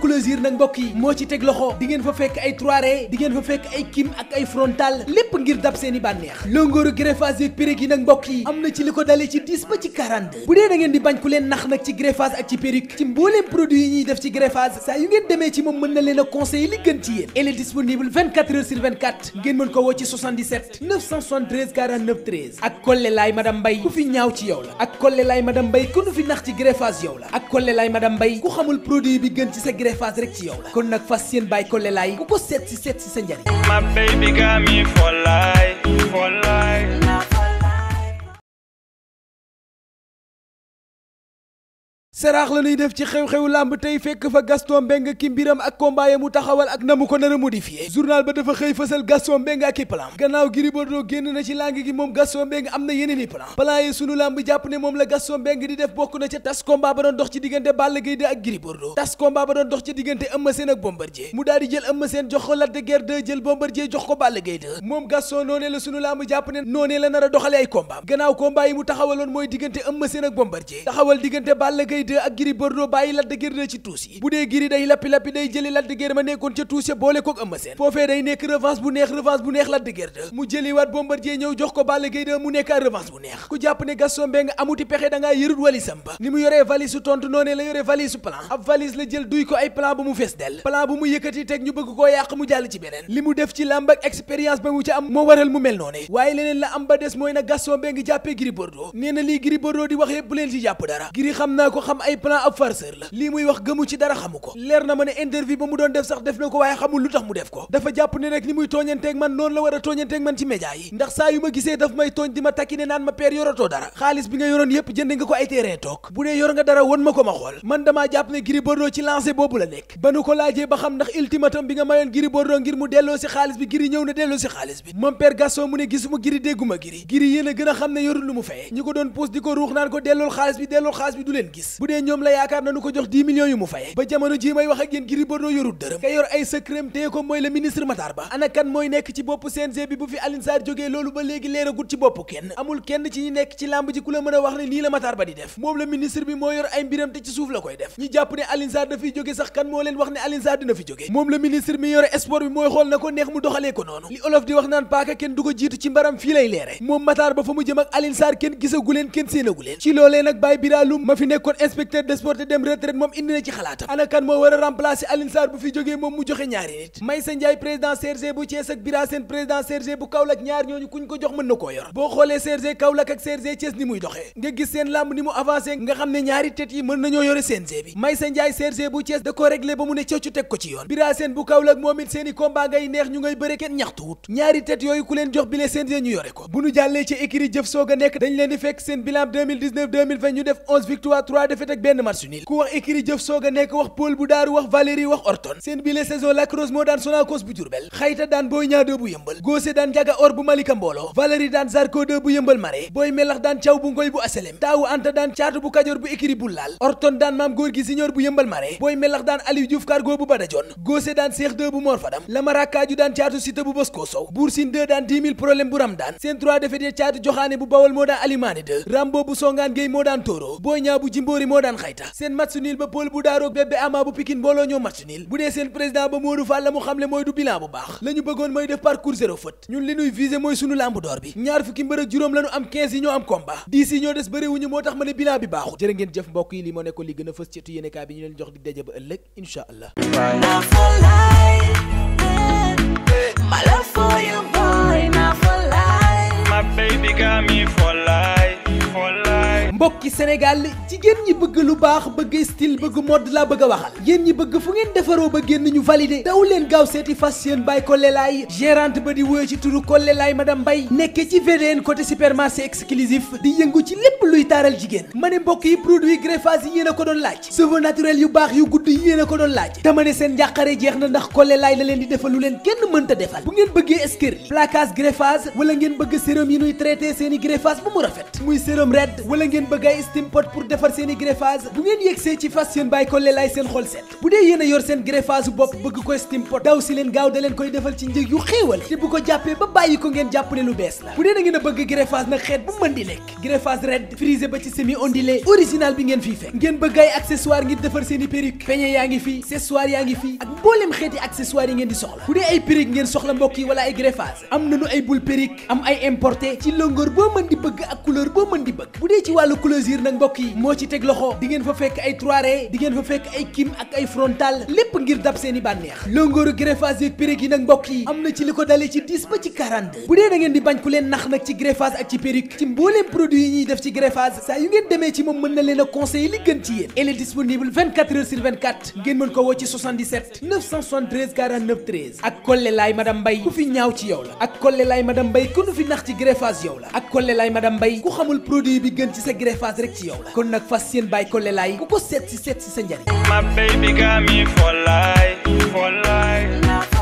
clôture nag mbokk yi moo ci teg loxo di ngeen fa fekk ay trois di ngeen fa fekk ay kim ak ay frontal lépp ngir dab seen bànneex longooru greffage yeeg périg yi nag mbokk yi am na ci li ko dalee ci 10 ba ci 42 bu dee da di bañ ku leen nax nag ci greffage ak ci périg ci mbooleem produit yi ñuy def ci greffage saa yu ngeen demee ci moom mën na leen a li gën ci yéen elle disponible ngeen mën ko woo ak Kolle laay madame Mbaye ku fi ñaaw Serigne nag fas yéen bàyyi ko lelaay ku ko seet si seet si seraax la nuy def ci xew-xewu làmb tey fekk fa Gaston Mbengue ki mbiram ak combat mu taxawal ak na ko nar a modifié journal ba dafa xëy fësal Gaston Mbengue ak i plan gannaaw Gris génn na ci làng gi moom Gaston Mbengue am na yeneen i plan plan yi sunu làmb jàpp ne moom la Gaston Mbengue di def bokk na ca tas combat ba doon dox ci diggante Balla Gaye 2 ak Gris Bordeaux tas combat ba doon dox ci diggante Eumeu Sène ak Bombardier mu daal di jël Eumeu Sène jox ko Lac de Guiers 2 jël Bombardier jox ko la sunu jàpp ne noonee la nar a doxale ay combat gannaaw combat mu taxawaloon mooy diggante Eumeu Sène ak Bombardier taxawal diggante Balla Gaye 2 ak Gris Bordeaux bàyyi Lac de ci tuus yi bu dee Gris day lappi-lappi day jëli Lac de ma nekkoon ca tuus ya boole kook Eumeu Sène foofee day nekk revanche bu neex revanche bu neex Lac de Guiers 2 mu jëliwaat Bombardier ñëw jox ko Balla Gaye 2 mu nekk ak bu neex ku jàpp ne Gaston Mbengue amuti pexe dangaa yërut walisam ba ni mu yoree valise su tontu noonee la yoree valise su plan ab valise la jël duy ko ay plan ba mu fees del plan bu mu yëkkati ay plan ab farceur la lii muy wax gëmu ci dara xamu ko leer na ma ne interview ba mu doon def sax def na ko waaye xamul lu tax mu def ko dafa jàpp ne rek ni muy tooñanteeg man noonu la war a tooñanteeg man ci média yi ndax saa yu ma gisee daf may tooñ di ma takki ne naan ma peer yoratoo dara xaalis bi nga yoroon yépp jënd nga ko ay terrain toog bu dee yor nga dara won ma ko ma xool man damaa jàpp ne Gris Bordeaux ci lancé boobu la nekk ba nu ko laajee ba xam ndax ultimatum bi nga mayoon Gris Bordeaux ngir mu delloo si xaalis bi Gris ñëw na delloo si xaalis bi moom père Gaston mu ne gisuma Gris a gën ne yorul lu mu fayee ko doon puus di ko ruux bi dellool xaalis bi leen gis dee ñoom la yaakaar nañu ko jox 10 yu mu faye ba jamono ji may wax ak yéen Gris Bordeaux yorul dërëm ka yor ay secrém téye ko mooy la ministre bi yor ay mbiram te ci suuf la koy def ñi jàpp ne Alioune Sarr jóge sax kan moo leen wax ne Alioune dina fi jóge moom la ministre mi yore sport bi mooy xool na ko neex mu doxalee ko noonu li olof di wax naan paaka kenn du ko jiitu ci mbaram fii lay leere moom Matar Ba fa mu jëm ak Alioune kenn gisagu inspecteur dem retraite moom indi na ci xalaatam ana moo war a remplacer Alioune bu fi jógee moom mu joxe ñaari nit Maysa Ndiaye président CRG bu Thiès ak Bira Sène président CRG bu Kaolack ñaar ñooñu kuñ ko jox mën na koo yor boo xoolee CRG Kaolack ak CRG Thiès ni muy doxee nga gis seen làmb ni mu avancé nga xam ne ñaari tët yi mën nañoo yore CNG bi Maysa Ndiaye CRG bu Thiès da ko réglé ba mu ne coccu teg ko ci yoon Bira défaite ak benn match nul ku wax écurie jëf soog a nekk wax Paul bu daaru wax Valérie wax Orton seen bile saison Lac moo daan Sonacos bu Diourbel xayta daan Boy Niang 2 bu yëmbal Gosé daan Ndiaga Or bu Malika Mbooloo Valérie daan Zarko 2 bu yëmbal Maré Boy Melax daan Thiaw bu Ngoy bu Aselem Taawu Anta daan Caatu bu Kajoor bu écurie bu laal Orton daan Maam Góor gi Siñoor bu yëmbal Maré Boy Melax daan Aliou Diouf Cargo bu Badajon Gosé daan Seex 2 bu Mor moo daan xayta seen match nul ba Paul bu daaroog bébé ama bu Pikine mbooloo ñoo match nul bu dee seen président ba Modou Fall la mu xamle mooy du bilan bu baax la bëggoon mooy def parcours zéro faute ñun li ñuy viser mooy sunu lambu bi ñaar fukki mbër juróom lañu am 15 yi ñoo am combat 10 yi ñoo des bëriwuñu moo tax ma ne bilan bi baaxul jërë ngeen jëf mbokk yi li moo nekkoon li gën a fës ci tu bi ñu leen jox di daje ba ëllëg mbokki Sénégal jigéen ñi bëgg lu baax bëgg style bëgg mode laa bëgg a waxal yéen ñi bëgg fu ngeen defaroo ba génn ñu validé daw leen gaaw seeti fas yéen bay Collé Laye ba di wóyoo ci turu Collé Laye madame bay nekkee ci VDN côté supermarché exclusif di yëngu ci lépp luy taaral jigéen ma ne mbokk yi produit greffage yi yéen ko doon laaj cheveux naturel yu baax yu gudd yi yéen ko doon laaj dama ne seen njàqare jeex na ndax Collé Laye la leen di defal leen kenn mënta defal bu ngeen bëggee escurely placage greffage wala ngeen bëgg sérum yi nuy traité seen i greffage ba mu rafet muy sérum red wala ngeen bëgg ay steam pot defar seen greffage bu ngeen yegsee ci fas yéen bàyyi ko seen xol set bu dee yéen yor seen greffage bopp bëgg koy steam daw si leen gaaw da koy defal ci njëg yu xéewal te bu ko jàppee ba bàyyi ko ngeen jàpp lu bees la bu dee da ngeen bëgg greffage nag xeet bu mën di lekk greffage red frisé ba ci semi ondulé original bi ngeen fii fekk ngeen bëgg ay accessoire ngir defar seen i peñe yaa clôture nag mbokk yi moo ci teg loxo di fa fekk ay trois di fa fekk ay kim ak ay frontal lépp ngir dab seen bànneex longooru greffage yeeg périg yi nag mbokk yi am na ci li ko dalee ci 10 ba ci bu dee da di bañ ku leen nax nag ci greffage ak ci périg ci mbooleem produit yi ñuy def ci greffage saa yu ngeen demee ci moom mën na leen a conseiller li gën ci yéen elle est disponible 24 heures sur 24 ngeen mën ko woo ak kolle laay Kole Fass rek ci yow la kon nag fas yéen bàyyi Kole laay ku ko seet si seet si sa